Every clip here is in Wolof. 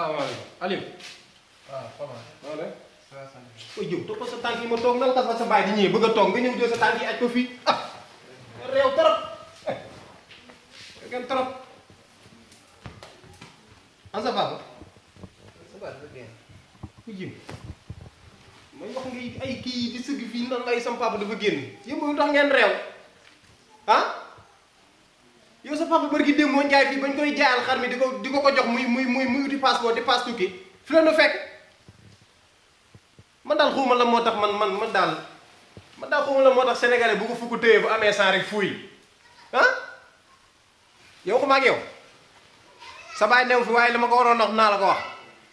salaamaaleykum Aliou. waaw Fapal. maa ngi lay. waaw sant bi. koy jëm toog ko sa toog di ñëwee bëgg a toog nga ñëw jël sa tànk aj ko fii ah. réew trop. ngeen eh, trop. an sa papa. sa papa dafa génn. ku jëm. may wax ngay ay kii di sëgg fii nan génn. yëpp lu tax ngeen réew. ah. yow sa papa bërki démb moo njaay fii bañ koy jaayal xar mi di ko di ko ko jox muy muy muy muy uti passeport di passe tukki fi la nu fekk man daal xawma la moo tax man man man daal man daal xawma la moo tax sénégalais bu ko fukk téye bu amee sang rek fuuy ah yow xuma yow sa baay new fi waaye li ma ko waroon wax naa la ko wax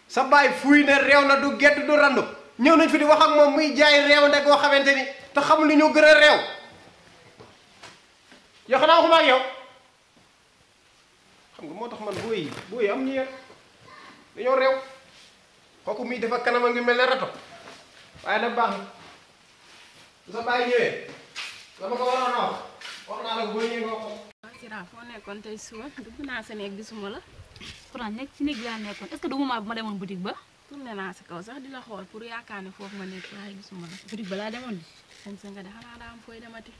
sa baay fuuy ne réew na du gett du randu ñëw nañ fi di wax ak moom muy jaay réew nde koo xamante ni te xamul ni ñoo gën a réew yow xanaa moo tax man booy booy am ñu dañoo réew xooku mii dafa kanam a ngi mel ne rato waaye da baax bu sa bàyyi ko waroon a wax wax naa la ko boo ñëwee nga nekkoon tey suba dugg naa sa néeg gisuma la pourtant nekk ci néeg laa nekkoon est-ce que bu ma demoon boutique ba tourné naa sa kaw sax di la xool pour yaakaar ne foofu nga nekk waaye gisuma la boutique ba laa demoon bi comme sa nga de xanaa daa am fooy demati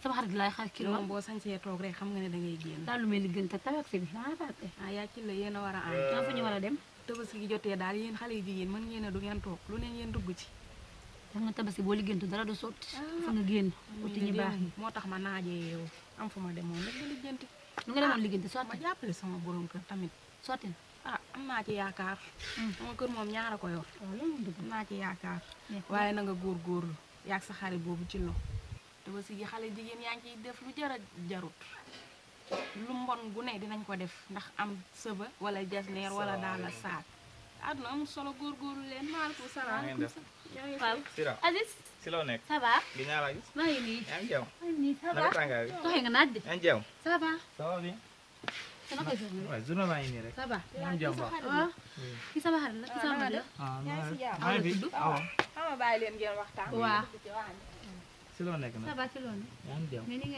sama xarit laay xaar kii moom boo sañsee toog rek xam nga ne da ngay daal lu mel ni gën te la ah, yéen a war a ànd. naa fa ñu war a dem. jotee daal yéen xale yi jigéen mën ngeen a du ngeen toog lu ne ngeen dugg ci. xam nga tabaski boo liggéeyantu dara du sotti. Ah. fa nga génn uti moo tax ma naajee yow am fu ma demoon rek nga liggéeyanti. nu nga demoon ah, liggéeyanti ma jàppale sama borom kër tamit sotti na. am naa ci yaakaar. Mm. sama kër moom ñaara ko yor. am naa ci yaakaar. waaye na nga góorgóorlu yaag sa xarit boobu ci loo te aussi yi xale jigéen yaa ngi ciy def lu jar a jarut lu mbon gu ne dinañ ko def ndax am sëba wala jasneer wala daal la saak àdduna amul solo góorgóorlu leen maaleykum salaam waaw Aziz si loo nekk ça va gi ñaar a gis maa ngi nii yaa ngi jaww maa ngi nii ça va toxee nga naaj bi yaa ngi jaww ça va ça va bien sama journée waaw journée baa ngi nii rek ça va yaa ngi jaww waaw ki sama xarit la ki sama ah, mag la yaa ngi si ah, jaww maa ngi fi ah, awa bàyyi leen ngeen waxtaan waaw ci loo nekk nga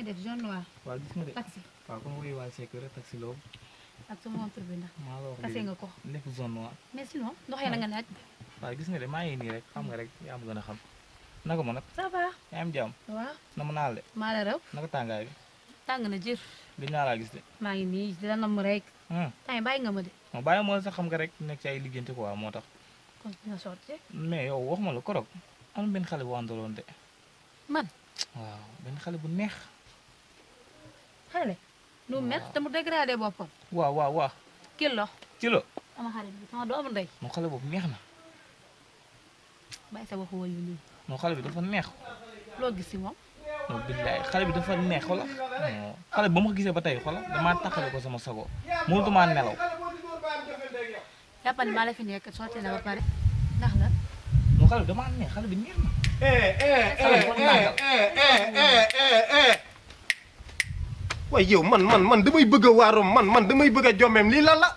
de taxi. waaw kon woyu waa Seck rek maa la nga ko. lépp jaune noir. mais ndox na nga laaj. waaw gis nga de maa ngi nii rek xam nga rek yaa am gën a xam. naka ma nag. ça va. yaa na ma naal de. maa la raw. naka tàngaay bi. tàng na jër. li ñu laa gis de. maa ngi nii dina nam rek. Hmm. temps yi bàyyi nga ma de. ma bàyyi ma sax xam nga rek na ci ay liggéeyante quoi moo tax. kon dina sotti. mais yow wax ma la korok am benn xale bu àndaloon de man waaw benn xale bu neex. xale. nu mel mu dégradé boppam. waaw waaw waaw. kilo. kilo. sama xarit bi neex na. bàyyi sa waxu wayu nii. moom xale bi dafa neex. loo gis si moom. non oh, billaay xale bi dafa neex xoolal. Oh, xale bi ba ma ko gisee ba tey xoolal damaa taxale ko sama sago mënutuma nelaw. jàppal maa la fi nekk sotti na ba pare ndax la. moom xale bi damaa neex xale bi neex na. waaye yow man man man damay bëgg a man man damay bëgg a jommeem lii lan la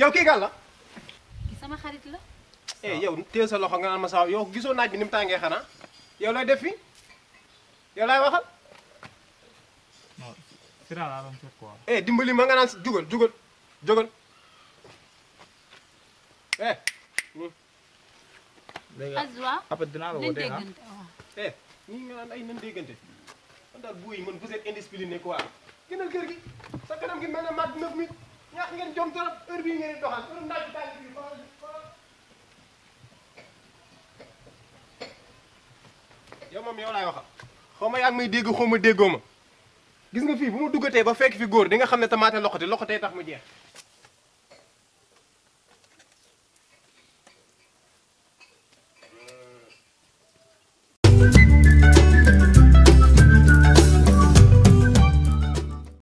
yow kii kan la. kii sama xarit yow téye sa loxo nga naan yow gisoo naa bi ni mu tàngee xanaa yow lay def yow lay waxal. non si laa doon seet quoi. nga naan si jugal jugal jugal après dinaa la woo dégg nga eh ñi nga naan ay nan déggante man daal buuy man vous êtes indiscipliné quoi gënal kër gi sa kanam gi mel na mat neuf mi ñaax ngeen jom torop heure bii ngeen di doxal heure ndaaj bi tànn bi yow moom yow laay waxal xaw ma yaa ngi dégg xaw ma déggoo ma gis nga fii bu mu duggatee ba fekk fi góor di nga xam ne tamaate loxote loxotee tax mu jeex